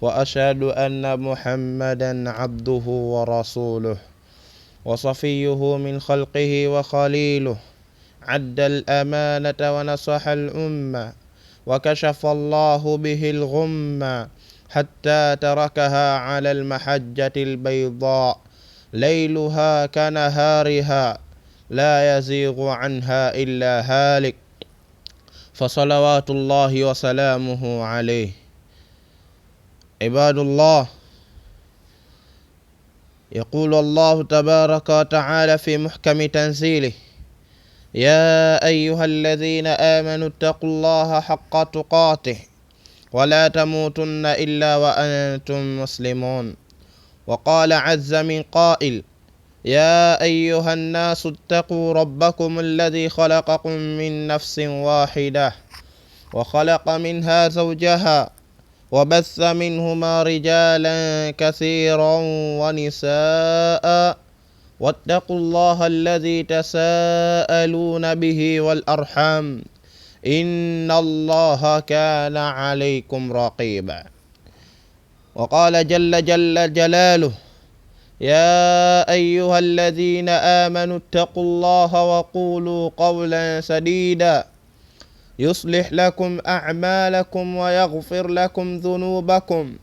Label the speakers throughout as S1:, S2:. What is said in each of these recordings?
S1: واشهد ان محمدا عبده ورسوله وصفيه من خلقه وخليله عد الامانه ونصح الامه وكشف الله به الغمه حتى تركها على المحجه البيضاء ليلها كنهارها لا يزيغ عنها الا هالك فصلوات الله وسلامه عليه عباد الله يقول الله تبارك وتعالى في محكم تنزيله يا أيها الذين آمنوا اتقوا الله حق تقاته ولا تموتن إلا وأنتم مسلمون وقال عز من قائل يا أيها الناس اتقوا ربكم الذي خلقكم من نفس واحدة وخلق منها زوجها وبث منهما رجالا كثيرا ونساء واتقوا الله الذي تساءلون به والارحام ان الله كان عليكم رقيبا وقال جل جل جلاله يا ايها الذين امنوا اتقوا الله وقولوا قولا سديدا يصلح لكم اعمالكم ويغفر لكم ذنوبكم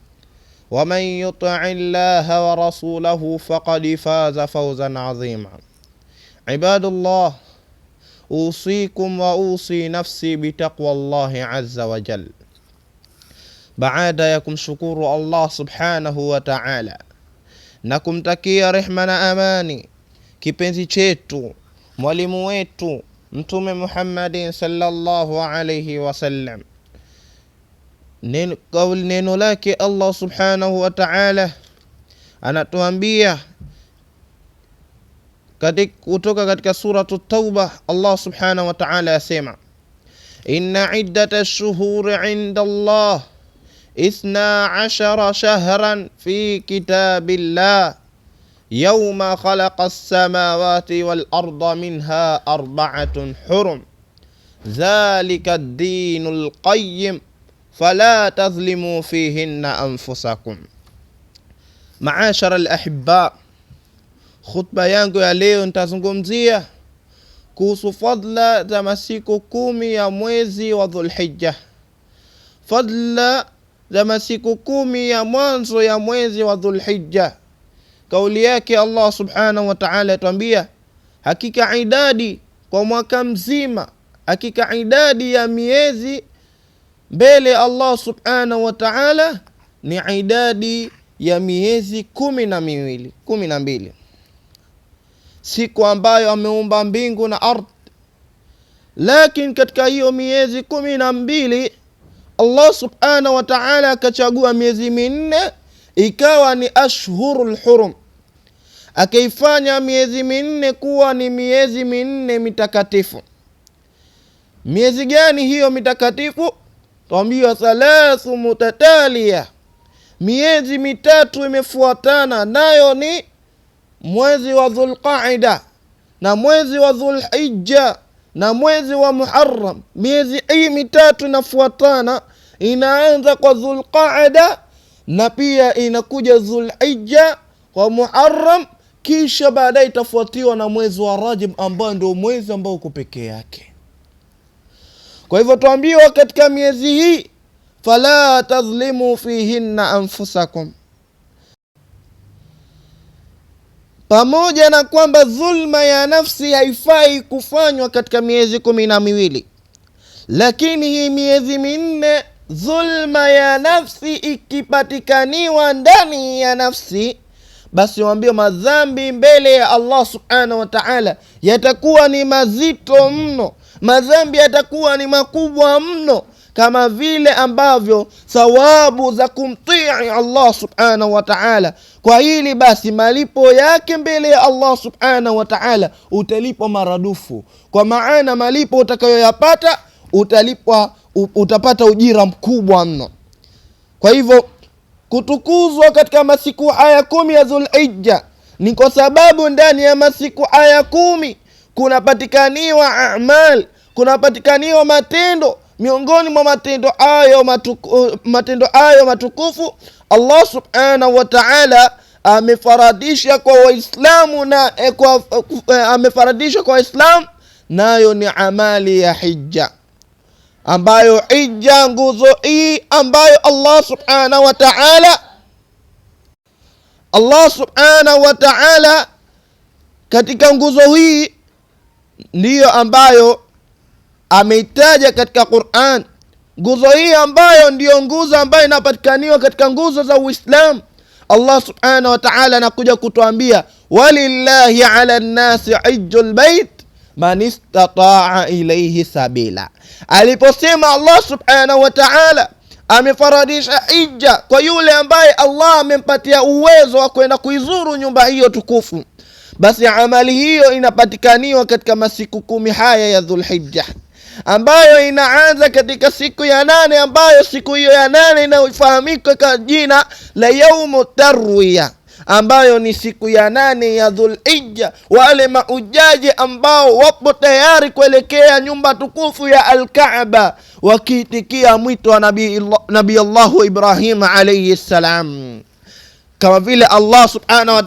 S1: ومن يطع الله ورسوله فقد فاز فوزا عظيما عباد الله اوصيكم واوصي نفسي بتقوى الله عز وجل بعد يكم شكور الله سبحانه وتعالى نكم تكي رحمنا اماني na amani mwalimu wetu mtume muhammadin sallallahu alaihi wasallam neno, neno lake allah subhanahu wa taala anatuambia kutoka katika suratu tauba allah subhanahu wa taala asema inna iddata lshuhuri inda allah ithna ashara shahran fi kitabi llah يوم خلق السماوات والارض منها اربعه حرم ذلك الدين القيم فلا تظلموا فيهن انفسكم معاشر الاحباء خطبه يانغو يا ليو زيه كوسو فضل تمسيكو كومي يا موزي وذو الحجه فضل تمسيكو كومي يا مانزو يا موزي وذو الحجه kauli yake Allah subhanahu wa ta'ala hakika idadi kwa mwaka mzima hakika idadi ya miezi mbele Allah subhanahu wa ta'ala ni idadi ya miezi kumi na miwili kumi na mbili siku ambayo ameumba mbingu na ardhi lakini katika hiyo miezi kumi na mbili Allah subhanahu wa ta'ala akachagua miezi minne ikawa ni ashhurul hurum, akaifanya miezi minne kuwa ni miezi minne mitakatifu. Miezi gani hiyo mitakatifu? Twambiwa thalathu mutatalia, miezi mitatu imefuatana, nayo ni mwezi wa Dhulqaida na mwezi wa dhulhija na mwezi wa muharam Miezi hii mitatu inafuatana, inaanza kwa Dhulqaida na pia inakuja Dhulhijja kwa Muharram, kisha baadaye itafuatiwa na mwezi wa Rajab ambao ndio mwezi ambao uko peke yake. Kwa hivyo tuambiwa katika miezi hii, fala tadhlimu fihinna anfusakum, pamoja na kwamba dhulma ya nafsi haifai kufanywa katika miezi kumi na miwili, lakini hii miezi minne dhulma ya nafsi ikipatikaniwa ndani ya nafsi, basi waambie madhambi mbele ya Allah subhanahu wa ta'ala yatakuwa ni mazito mno, madhambi yatakuwa ni makubwa mno, kama vile ambavyo thawabu za kumtii Allah subhanahu wa ta'ala. Kwa hili basi, malipo yake mbele ya Allah subhanahu wa ta'ala utalipwa maradufu, kwa maana malipo utakayoyapata utalipwa utapata ujira mkubwa mno. Kwa hivyo kutukuzwa katika masiku haya kumi ya Dhulhijja ni kwa sababu ndani ya masiku haya kumi kunapatikaniwa amal kunapatikaniwa matendo. Miongoni mwa matendo hayo matuku, matendo hayo matukufu Allah subhanahu wa ta'ala amefaradisha kwa Waislamu na eh, kwa, eh, eh amefaradisha kwa Waislamu nayo ni amali ya hija ambayo hija nguzo hii ambayo Allah subhanahu wa ta'ala, Allah subhanahu wa ta'ala katika nguzo hii ndiyo ambayo ameitaja katika Qur'an, nguzo hii ambayo ndiyo nguzo ambayo inapatikaniwa katika nguzo za Uislamu. Allah subhanahu wa ta'ala anakuja kutuambia, walillahi ala nnasi hijjul bait manistataa ilaihi sabila. Aliposema Allah subhanahu wa ta'ala amefaradisha hija kwa yule ambaye Allah amempatia uwezo wa kwenda kuizuru nyumba hiyo tukufu, basi amali hiyo inapatikaniwa katika masiku kumi haya ya Dhulhijja ambayo inaanza katika siku ya nane ambayo siku hiyo ya nane inafahamika kwa jina la yaumu tarwiya ambayo ni siku ya nane ya Dhulhija, wale maujaji ambao wapo tayari kuelekea nyumba tukufu ya Alkaaba, wakiitikia mwito wa Nabii Allahu Ibrahim alaihi ssalam kama vile Allah subhanahu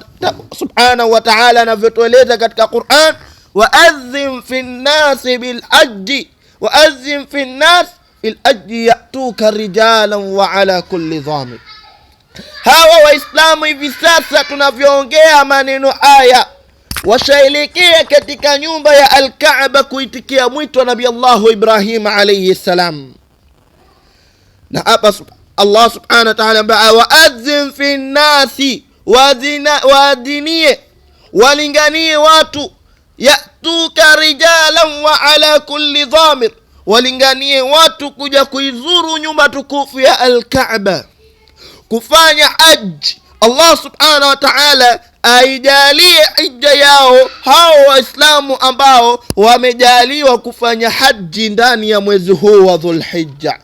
S1: wataala taala anavyotueleza katika Quran, waadhin fi nnasi bilhaji waadhin fi nnasi bilhaji yatuka rijalan wa ala kulli dhamir Hawa Waislamu hivi sasa tunavyoongea maneno haya washaelekea katika nyumba ya Alkaaba kuitikia mwito wa Nabii Allahu Ibrahim alayhi salam. Na hapa Allah subhanahu wa ta'ala ambaa waadhin fi nnasi, waadhinie walinganie watu, yatuka rijalan wa ala kulli dhamir, walinganie watu kuja kuizuru nyumba tukufu ya Alkaaba kufanya haji, Allah subhanahu wa ta'ala aijalie hija yao hao Waislamu ambao wamejaliwa kufanya haji ndani ya mwezi huu wa Dhulhijja.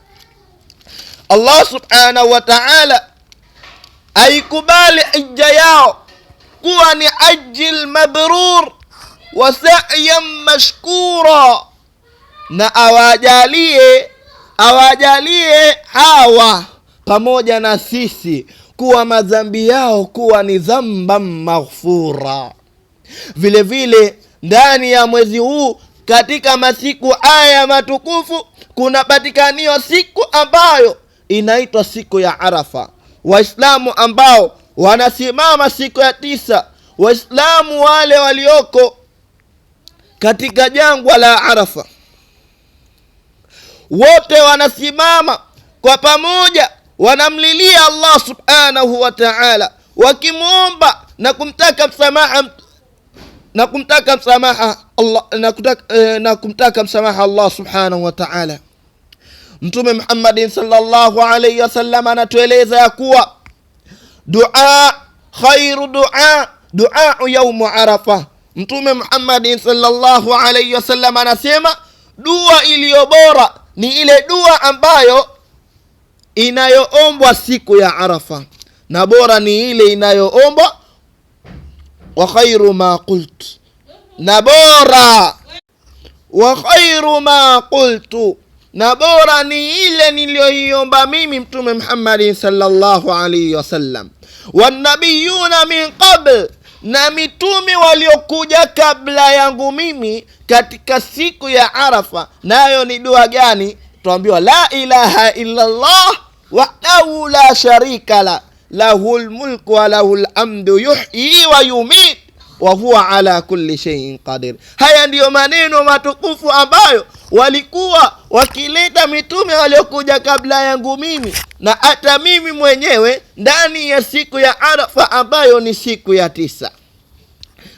S1: Allah subhanahu wa ta'ala aikubali hija yao kuwa ni haji lmabrur wa sa'yan mashkura, na awajalie awajalie hawa pamoja na sisi kuwa madhambi yao kuwa ni dhamba maghfura. Vile vile ndani ya mwezi huu katika masiku haya matukufu kunapatikaniwa siku ambayo inaitwa siku ya Arafa. Waislamu ambao wanasimama siku ya tisa, Waislamu wale walioko katika jangwa la Arafa wote wanasimama kwa pamoja wanamlilia Allah subhanahu wa ta'ala, wakimwomba na kumtaka msamaha na kumtaka msamaha Allah, na, kutaka, eh, na kumtaka msamaha Allah subhanahu wa ta'ala. Mtume Muhammadin sallallahu alayhi wasallam anatueleza ya kuwa dua khairu dua duau yaumu Arafa. Mtume Muhammadin sallallahu alayhi wasallam anasema dua iliyo bora ni ile dua ambayo inayoombwa siku ya Arafa, na bora ni ile inayoombwa. wa khairu ma qult, na bora. wa khairu ma qultu, na bora ni ile niliyoiomba mimi Mtume Muhammad sallallahu alaihi wasallam. wanabiyuna min qabl na mitume waliokuja kabla yangu mimi katika siku ya Arafa, nayo ni dua gani? Tuambiwa la ilaha illa Allah wahdahu la sharika la lahu mulku wa lahul yuhyi wa yumit wa huwa ala kulli shay'in qadir. Haya ndiyo maneno matukufu ambayo walikuwa wakileta mitume waliokuja kabla yangu mimi na hata mimi mwenyewe ndani ya siku ya Arafa ambayo ni siku ya tisa.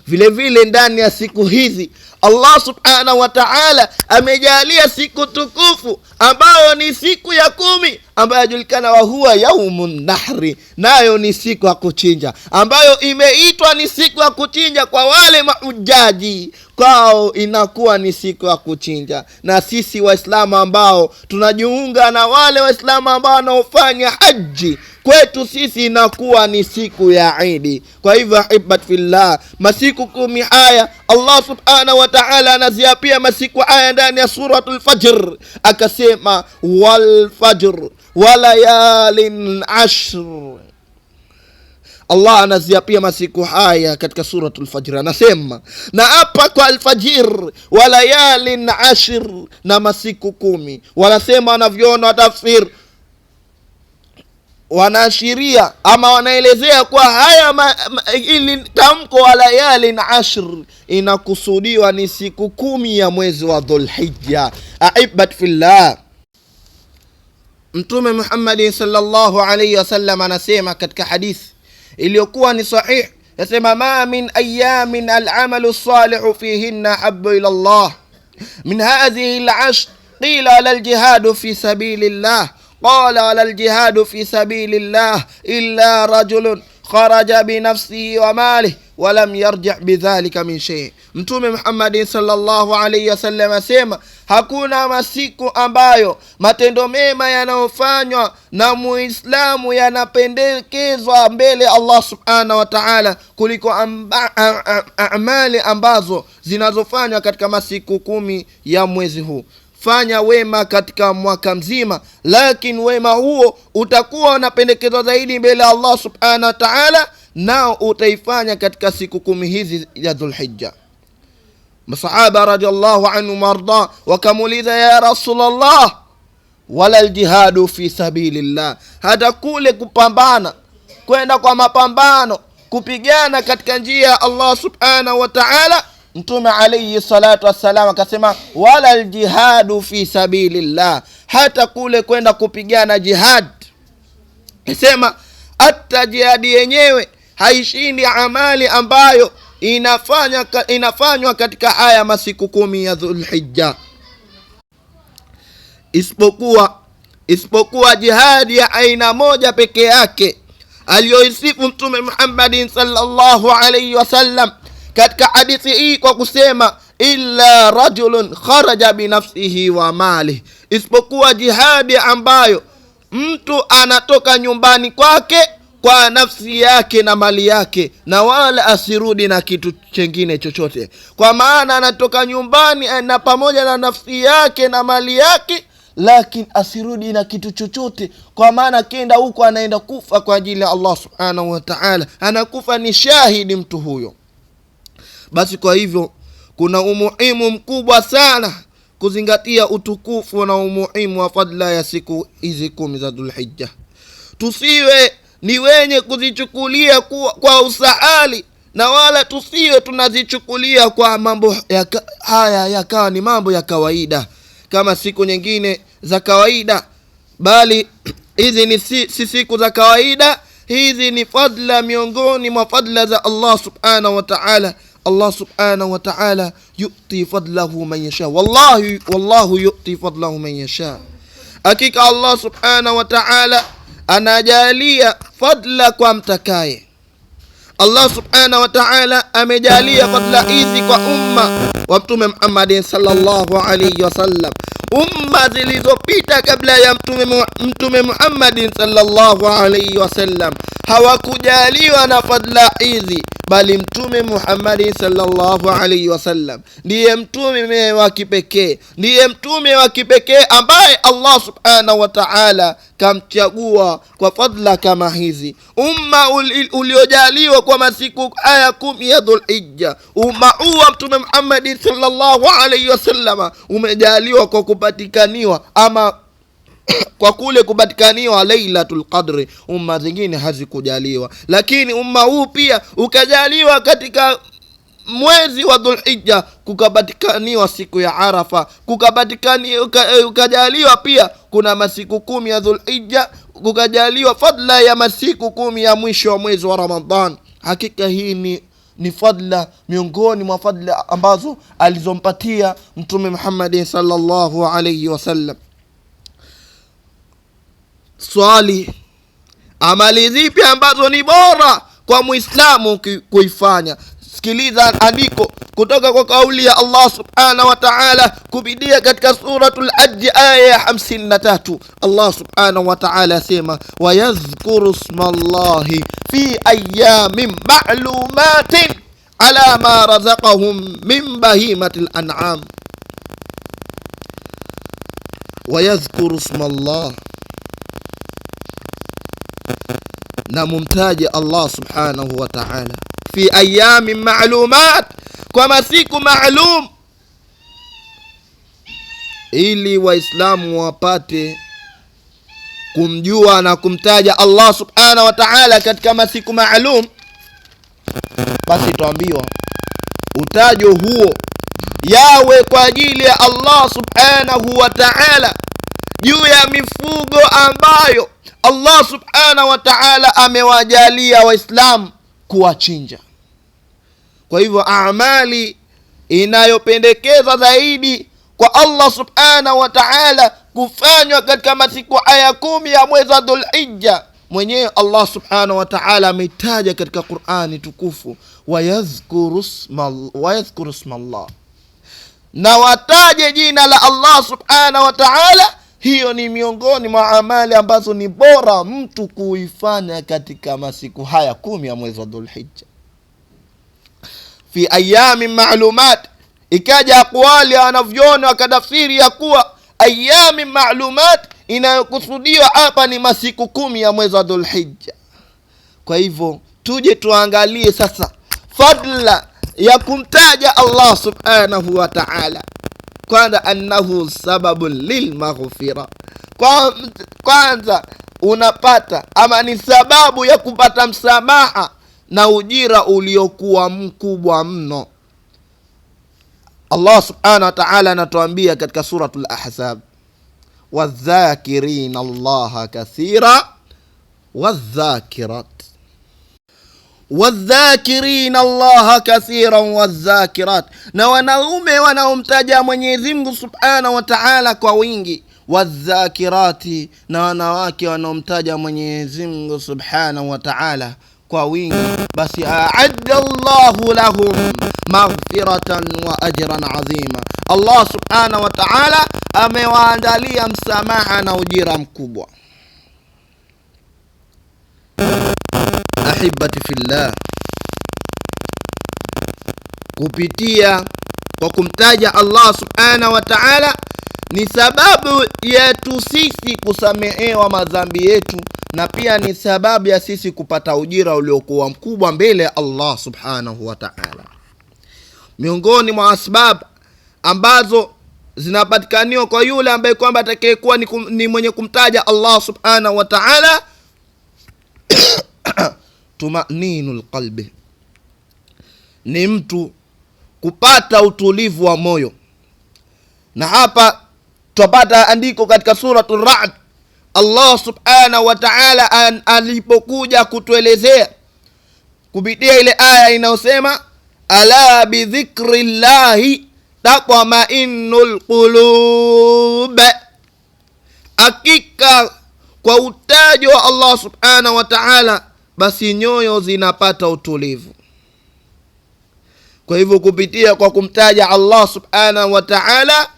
S1: Vilevile vile ndani ya siku hizi Allah subhanahu wa ta'ala amejalia siku tukufu ambayo ni siku ya kumi ambayo yajulikana wahuwa yaumu nahri, nayo ni siku ya kuchinja, ambayo imeitwa ni siku ya kuchinja kwa wale maujaji, kwao inakuwa ni siku ya kuchinja. Na sisi Waislamu ambao tunajiunga na wale Waislamu ambao wanaofanya haji kwetu sisi inakuwa ni siku ya Idi. Kwa hivyo, ahibat fillah, masiku kumi haya Allah subhanahu wa ta'ala anaziapia masiku haya ndani ya suratul Fajr, akasema walfajr walayalin ashr. Allah anaziapia masiku haya katika suratul Fajr, anasema na hapa kwa alfajir walayalin ashr, na masiku kumi. Wanasema wanavyoona tafsir wanaashiria ama wanaelezea kuwa haya ma, tamko wa layalin ashr inakusudiwa ni siku kumi ya mwezi wa Dhulhijja. Aibat fillah, Mtume Muhammad sallallahu alayhi wasallam anasema katika hadithi iliyokuwa ni sahih, yasema ma min ayamin alamalu salihu fihinna ahabu ila llah min hadhihi lashr qila laljihadu fi sabilillah qala ala ljihadu fi sabili llah illa rajulun kharaja binafsihi wa malih walam yarji bidhalika min shei. Mtume Muhammadin sallallahu alaihi wasallam asema hakuna masiku ambayo matendo mema yanayofanywa na muislamu yanapendekezwa mbele Allah subhanahu wa taala kuliko amba, a, a, amali ambazo zinazofanywa katika masiku kumi ya mwezi huu fanya wema katika mwaka mzima, lakini wema huo utakuwa unapendekezwa zaidi mbele ya Allah subhanahu wataala nao utaifanya katika siku kumi hizi ya Dhulhijja. Masahaba radhiallahu anhum warda wakamuuliza, ya Rasulullah, wala ljihadu fi sabilillah, hata kule kupambana kwenda kwa mapambano kupigana katika njia ya Allah subhanahu wataala Mtume alayhi salatu wassalam akasema, wala ljihadu fi sabilillah, hata kule kwenda kupigana jihad. Akasema hata jihadi yenyewe haishindi amali ambayo inafanya inafanywa katika haya masiku kumi ya Dhulhijja, isipokuwa isipokuwa jihadi ya aina moja peke yake aliyoisifu Mtume Muhammadin sallallahu alayhi wasallam katika hadithi hii kwa kusema illa rajulun kharaja binafsihi wa mali, isipokuwa jihadi ambayo mtu anatoka nyumbani kwake kwa nafsi yake na mali yake, na wala asirudi na kitu chengine chochote. Kwa maana anatoka nyumbani eh, na pamoja na nafsi yake na mali yake, lakini asirudi na kitu chochote, kwa maana akienda huko anaenda kufa kwa ajili ya Allah subhanahu wa ta'ala, anakufa ni shahidi mtu huyo. Basi kwa hivyo kuna umuhimu mkubwa sana kuzingatia utukufu na umuhimu wa fadla ya siku hizi kumi za Dhulhijja. Tusiwe ni wenye kuzichukulia kwa, kwa usahali na wala tusiwe tunazichukulia kwa mambo ya, haya yakawa ni mambo ya kawaida kama siku nyingine za kawaida, bali hizi ni si, si siku za kawaida. Hizi ni fadla miongoni mwa fadla za Allah subhanahu wa ta'ala. Allah subhanahu wa ta'ala yu'ti fadlahu man yasha. Wallahi, wallahu yu'ti fadlahu man yasha. Hakika Allah subhanahu wa ta'ala anajalia fadla kwa mtakaye. Allah subhanahu wa ta'ala amejalia fadla hizi kwa umma wa Mtume Muhammad sallallahu alayhi wasallam, umma zilizopita kabla ya Mtume Mtume Muhammad sallallahu alayhi wasallam hawakujaliwa na fadla hizi bali Mtume Muhammadi sallallahu alaihi wasallam ndiye mtume wa kipekee, ndiye mtume wa kipekee ambaye Allah subhanahu wa taala kamchagua kwa fadla kama hizi. Umma uliojaliwa kwa masiku haya kumi ya Dhulhijja, umma huu wa Mtume Muhammadi sallallahu alaihi wasallama umejaliwa kwa kupatikaniwa ama kwa kule kupatikaniwa Lailatul Qadri, umma zingine hazikujaliwa, lakini umma huu pia ukajaliwa katika mwezi wa Dhulhijja kukapatikaniwa siku ya Arafa, kukapatikaniwa eh, ukajaliwa pia kuna masiku kumi ya Dhulhijja, kukajaliwa fadla ya masiku kumi ya mwisho wa mwezi wa Ramadhan. Hakika hii ni ni fadla miongoni mwa fadla ambazo alizompatia Mtume Muhammad sallallahu alayhi wasallam swali. Amali zipi ambazo ni bora kwa muislamu kuifanya? Sikiliza andiko kutoka kwa kauli ya Allah subhanahu wa ta'ala, kupitia katika suratul Hajj aya ya 53. Allah subhanahu wa ta'ala asema, wayadhkuru smallahi fi ayamin ma'lumatin ala ma razaqahum min bahimatil an'am, wayadhkuru smallahi na mumtaje Allah subhanahu wa ta'ala fi ayami maalumat, kwa masiku maalum, ili Waislamu wapate kumjua na kumtaja Allah subhanahu wa ta'ala katika masiku maalum. Basi tuambiwa utajo huo yawe kwa ajili ya Allah subhanahu wa ta'ala juu ya mifugo ambayo Allah subhanahu wa ta'ala amewajalia waislam kuwachinja. Kwa hivyo amali inayopendekeza zaidi kwa Allah subhanahu wa ta'ala kufanywa katika masiku haya kumi ya mwezi wa Dhulhijja, mwenyewe Allah subhanahu wa ta'ala ametaja katika Qur'ani tukufu, wayadhkuru sma Allah, na wataje jina la Allah subhanahu wa ta'ala hiyo ni miongoni mwa amali ambazo ni bora mtu kuifanya katika masiku haya kumi ya mwezi wa Dhulhijja, fi ayami maalumat. Ikaja akwali wanavyoona wakadafsiri ya kuwa ayami maalumat inayokusudiwa hapa ni masiku kumi ya mwezi wa Dhulhijja. Kwa hivyo tuje tuangalie sasa fadla ya kumtaja Allah subhanahu wa ta'ala kwanza annahu sababun lilmaghfira kwanza unapata ama ni sababu ya kupata msamaha na ujira uliokuwa mkubwa mno allah subhanahu wataala anatuambia katika suratu lahzab wadhakirin allaha kathira wadhakirat wadhakirina Allaha kathiran wadhakirat, na wanaume wanaomtaja Mwenyezi Mungu subhanahu wa taala kwa wingi, wadhakirati, na wanawake wanaomtaja Mwenyezi Mungu subhanahu wa taala kwa wingi, basi aadda Allahu lahum maghfiratan wa ajran azima, Allah subhanahu wa taala amewaandalia msamaha na ujira mkubwa ahibati fillah, kupitia kwa kumtaja Allah subhanahu wa ta'ala ni sababu yetu sisi kusamehewa madhambi yetu na pia ni sababu ya sisi kupata ujira uliokuwa mkubwa mbele ya Allah subhanahu wa ta'ala. Miongoni mwa asbab ambazo zinapatikaniwa kwa yule ambaye kwamba atakayekuwa ni, kum, ni mwenye kumtaja Allah subhanahu wa ta'ala tumaninu lqalbi, ni mtu kupata utulivu wa moyo. Na hapa twapata andiko katika suratu Ra'd, Allah subhanahu wa ta'ala alipokuja kutuelezea kupitia ile aya inayosema ala bidhikri llahi tatmainu lqulub, hakika kwa utajo wa Allah subhanahu wa ta'ala basi nyoyo zinapata utulivu. Kwa hivyo kupitia kwa kumtaja Allah subhanahu wa ta'ala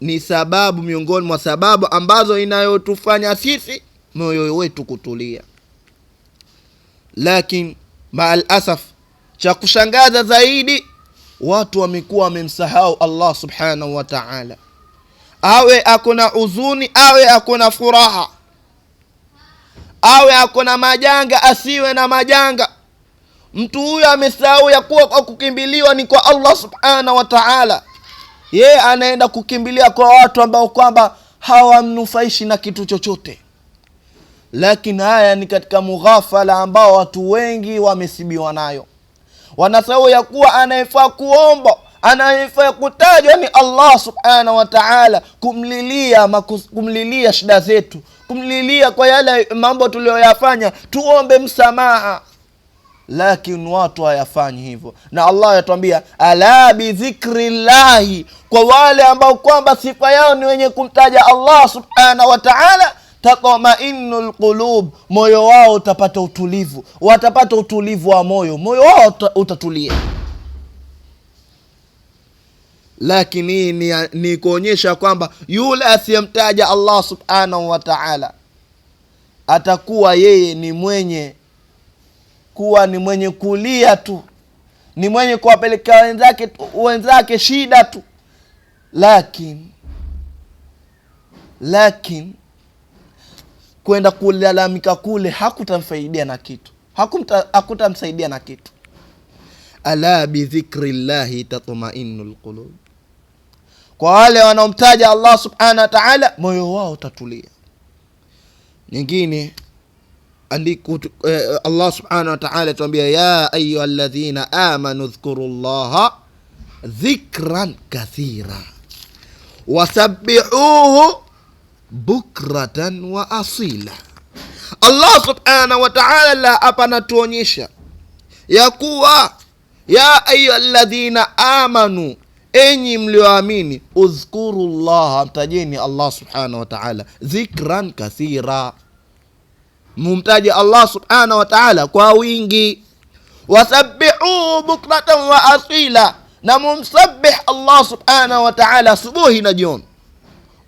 S1: ni sababu miongoni mwa sababu ambazo inayotufanya sisi moyo wetu kutulia, lakini maal asaf, cha kushangaza zaidi watu wamekuwa wamemsahau Allah subhanahu wa ta'ala, awe akona huzuni, awe akona furaha awe ako na majanga, asiwe na majanga. Mtu huyo amesahau ya kuwa kwa kukimbiliwa ni kwa Allah subhanahu wa ta'ala. Yeye anaenda kukimbilia kwa watu ambao kwamba hawamnufaishi na kitu chochote, lakini haya ni katika mughafala ambao watu wengi wamesibiwa nayo. Wanasahau ya kuwa anayefaa kuomba anayefaa kutajwa ni Allah subhanahu wa ta'ala, kumlilia kumlilia shida zetu kumlilia kwa yale mambo tuliyoyafanya, tuombe msamaha, lakini watu hayafanyi hivyo. Na Allah anatuambia ala bidhikri llahi, kwa wale ambao kwamba sifa yao ni wenye kumtaja Allah subhanahu wa ta'ala tatmainu lqulub, moyo wao utapata utulivu, watapata utulivu wa moyo, moyo wao utatulia lakini ni, ni kuonyesha kwamba yule asiyemtaja Allah subhanahu wa ta'ala atakuwa yeye ni mwenye kuwa ni mwenye kulia tu, ni mwenye kuwapelekea wenzake wenzake shida tu, lakini lakini kwenda kulalamika kule hakutamsaidia na kitu, hakutamsaidia na kitu. ala bi dhikri llahi tatmainnu lqulub kwa wale wanaomtaja Allah subhanahu wa ta'ala, moyo wao utatulia. Nyingine aliku, eh, Allah subhanahu wa ta'ala ya ayuha alladhina amanu dhkuru llaha dhikran kathira wasabbihuhu bukratan wa asila. Allah subhanahu wa ta'ala hapa anatuonyesha ya kuwa ya ayuha alladhina amanu Enyi mlioamini, udhkuru llaha, mtajeni Allah subhanahu wa taala dhikran kathira, mumtaje Allah subhanahu wa taala kwa wingi. wasabihuu bukratan wa asila, na mumsabih Allah subhanahu wata'ala subuhi na jioni.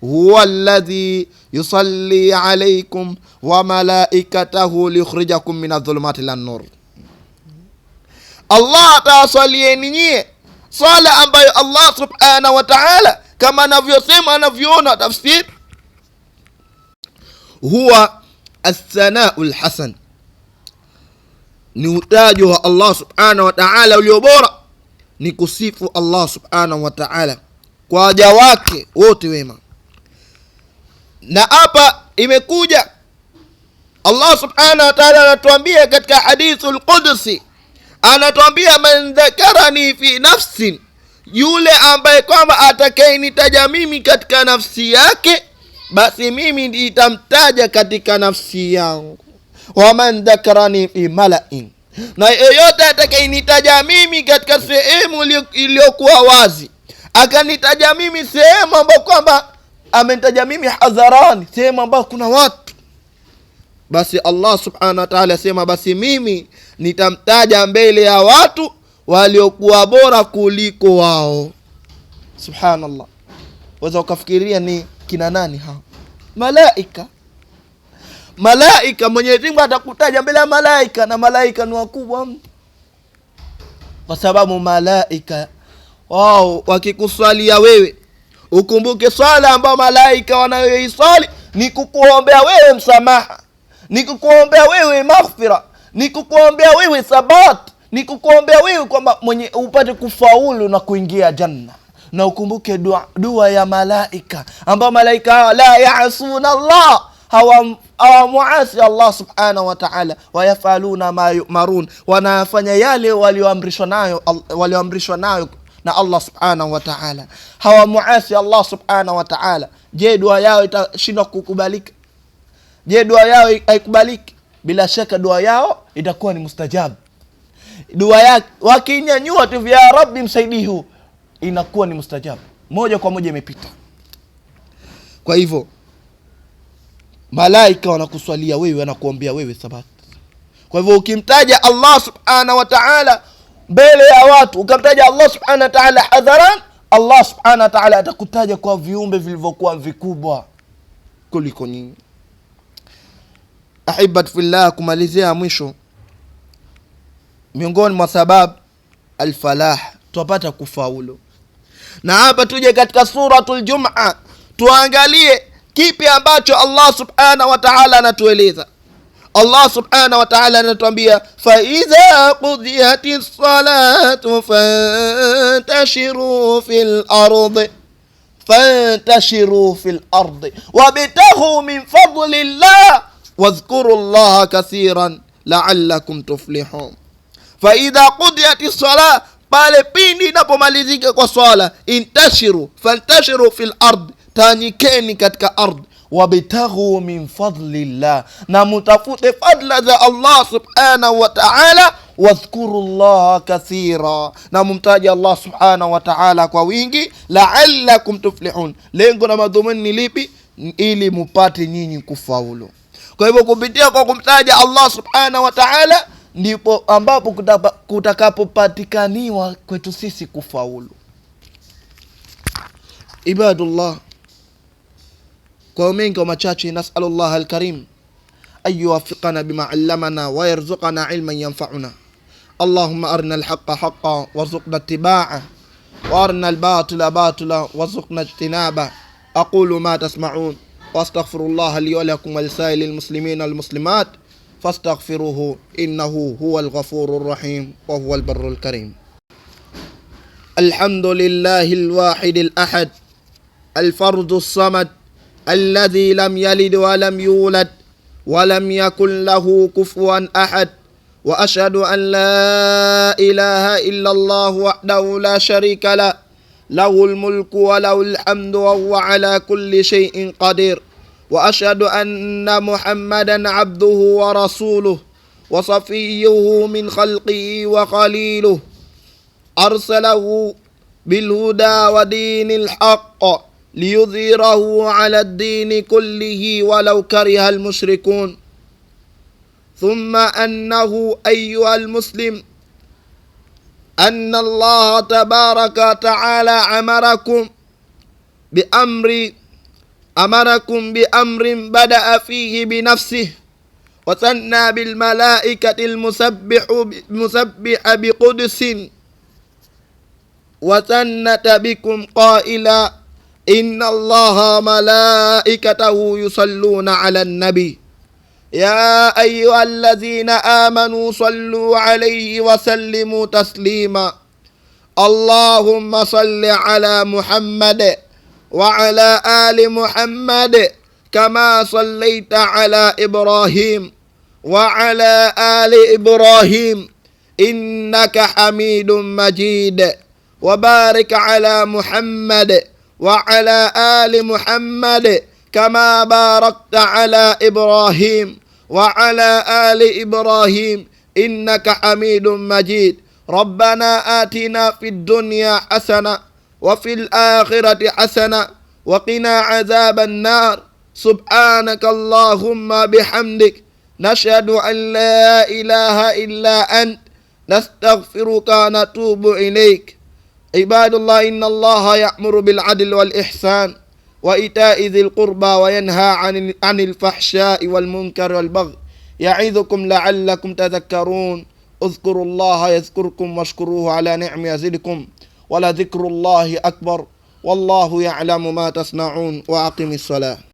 S1: Huwa alladhi yusalli alaykum wa malaikatahu liyukhrijakum min adh-dhulumati Allah atawasalieni nyie swala ambayo Allah subhanahu wataala kama anavyosema anavyoona tafsir huwa athanau lhasan ni utajo wa Allah subhanahu wa taala ni kusifu Allah subhanahu wataala kwa waja wake wote wema na hapa imekuja Allah subhanahu wataala anatuambia katika hadithu lqudsi anatwambia man dhakarani fi nafsin, yule ambaye kwamba atakayenitaja mimi katika nafsi yake, basi mimi nitamtaja katika nafsi yangu. Waman dhakarani fi malain, na yeyote atakayenitaja mimi katika sehemu iliyokuwa wazi, akanitaja mimi sehemu ambayo kwamba amenitaja mimi hadharani, sehemu ambayo kuna watu basi Allah subhanahu wa ta'ala asema, basi mimi nitamtaja mbele ya watu waliokuwa bora kuliko wao. Subhanallah, waweza ukafikiria ni kina nani ha? Malaika, malaika. Mwenyezi Mungu atakutaja mbele ya malaika, na malaika ni wakubwa, kwa sababu malaika wao wakikuswalia wewe, ukumbuke swala ambayo malaika wanayoiswali ni kukuombea wewe msamaha ni kukuombea wewe maghfira, ni kukuombea wewe thabat, ni kukuombea wewe kwamba mwenye upate kufaulu na kuingia janna. Na ukumbuke dua, dua ya malaika ambao malaika hawa la yaasuna Allah hawamuasi Allah subhanahu wa ta'ala, wayafaluna ma yumarun, wanafanya yale walioamrishwa nayo walioamrishwa nayo na Allah subhanahu wa ta'ala, hawamuasi Allah subhanahu wa ta'ala. Je, dua yao itashindwa kukubalika? Je, dua yao haikubaliki? Bila shaka dua yao itakuwa ni mustajabu. Dua yake wakinyanyua tu vya rabbi msaidihu, inakuwa ni mustajabu moja kwa moja, imepita. Kwa hivyo malaika wanakuswalia wewe, wanakuombea wewe sabat. Kwa hivyo ukimtaja Allah subhanahu wa ta'ala mbele ya watu, ukamtaja Allah subhanahu wa ta'ala hadharan, Allah subhanahu wa ta'ala atakutaja kwa viumbe vilivyokuwa vikubwa kuliko nyinyi ahibat fillah, kumalizia mwisho, miongoni mwa sababu alfalah, twapata kufaulu. Na hapa tuje katika suratul Juma tuangalie kipi ambacho Allah subhanahu wa ta'ala anatueleza. Allah subhanahu wa ta'ala anatuambia faidha qudiyati salatu fantashiru fil ardi fantashiru fil ardi wabtaghu min fadli wadhkuru llaha kathiran laallakum tuflihun faidha qudiyati lsala pale pindi inapomalizika kwa swala intashiru fantashiru fi lardi tanyikeni katika ardhi wabtaghu min fadli llah na mutafute fadla za allah subhanahu wa taala wadhkuru llaha kathira na mumtaja allah subhanahu wa taala kwa wingi laalakum tuflihun lengo na madhumuni ni lipi ili mupate nyinyi kufaulu kwa hivyo kupitia kwa kumtaja Allah subhanahu wa ta'ala ndipo ambapo kutakapopatikaniwa kwetu sisi kufaulu. Ibadullah, kwa mengi wa machache, nasalullah alkarim an yuwafiqana bima allamana wa yarzuqana ilman yanfauna. Allahumma arina alhaqa haqa warzuqna ittibaa wa arina albatila batila warzuqna ijtinaba. Aqulu ma tasmaun واستغفر الله لي ولكم ولسائر المسلمين المسلمات فاستغفروه إنه هو الغفور الرحيم وهو البر الكريم الحمد لله الواحد الأحد الفرد الصمد الذي لم يلد ولم يولد ولم يكن له كفوا أحد وأشهد أن لا إله إلا الله وحده لا شريك له له الملك وله الحمد وهو على كل شيء قدير واشهد ان محمدا عبده ورسوله وصفيه من خلقه وخليله ارسله بالهدى ودين الحق ليظهره على الدين كله ولو كره المشركون ثم انه ايها المسلم أن الله تبارك وتعالى أمركم بأمر أمركم بأمر بدأ فيه بنفسه وثنى بالملائكة المسبح مسبح بقدس وثنت بكم قائلا إن الله ملائكته يصلون على النبي يا أيها الذين آمنوا صلوا عليه وسلموا تسليما اللهم صل على محمد وعلى آل محمد كما صليت على إبراهيم وعلى آل إبراهيم إنك حميد مجيد وبارك على محمد وعلى آل محمد كما باركت على إبراهيم وعلى آل إبراهيم إنك حميد مجيد ربنا آتنا في الدنيا حسنة وفي الآخرة حسنة وقنا عذاب النار سبحانك اللهم بحمدك نشهد أن لا إله إلا أنت نستغفرك ونتوب إليك عباد الله إن الله يأمر بالعدل والإحسان وإيتاء ذي القربى وينهى عن عن الفحشاء والمنكر والبغي يعظكم لعلكم تذكرون اذكروا الله يذكركم واشكروه على نعم يزدكم ولذكر الله أكبر والله يعلم ما تصنعون وأقم الصلاة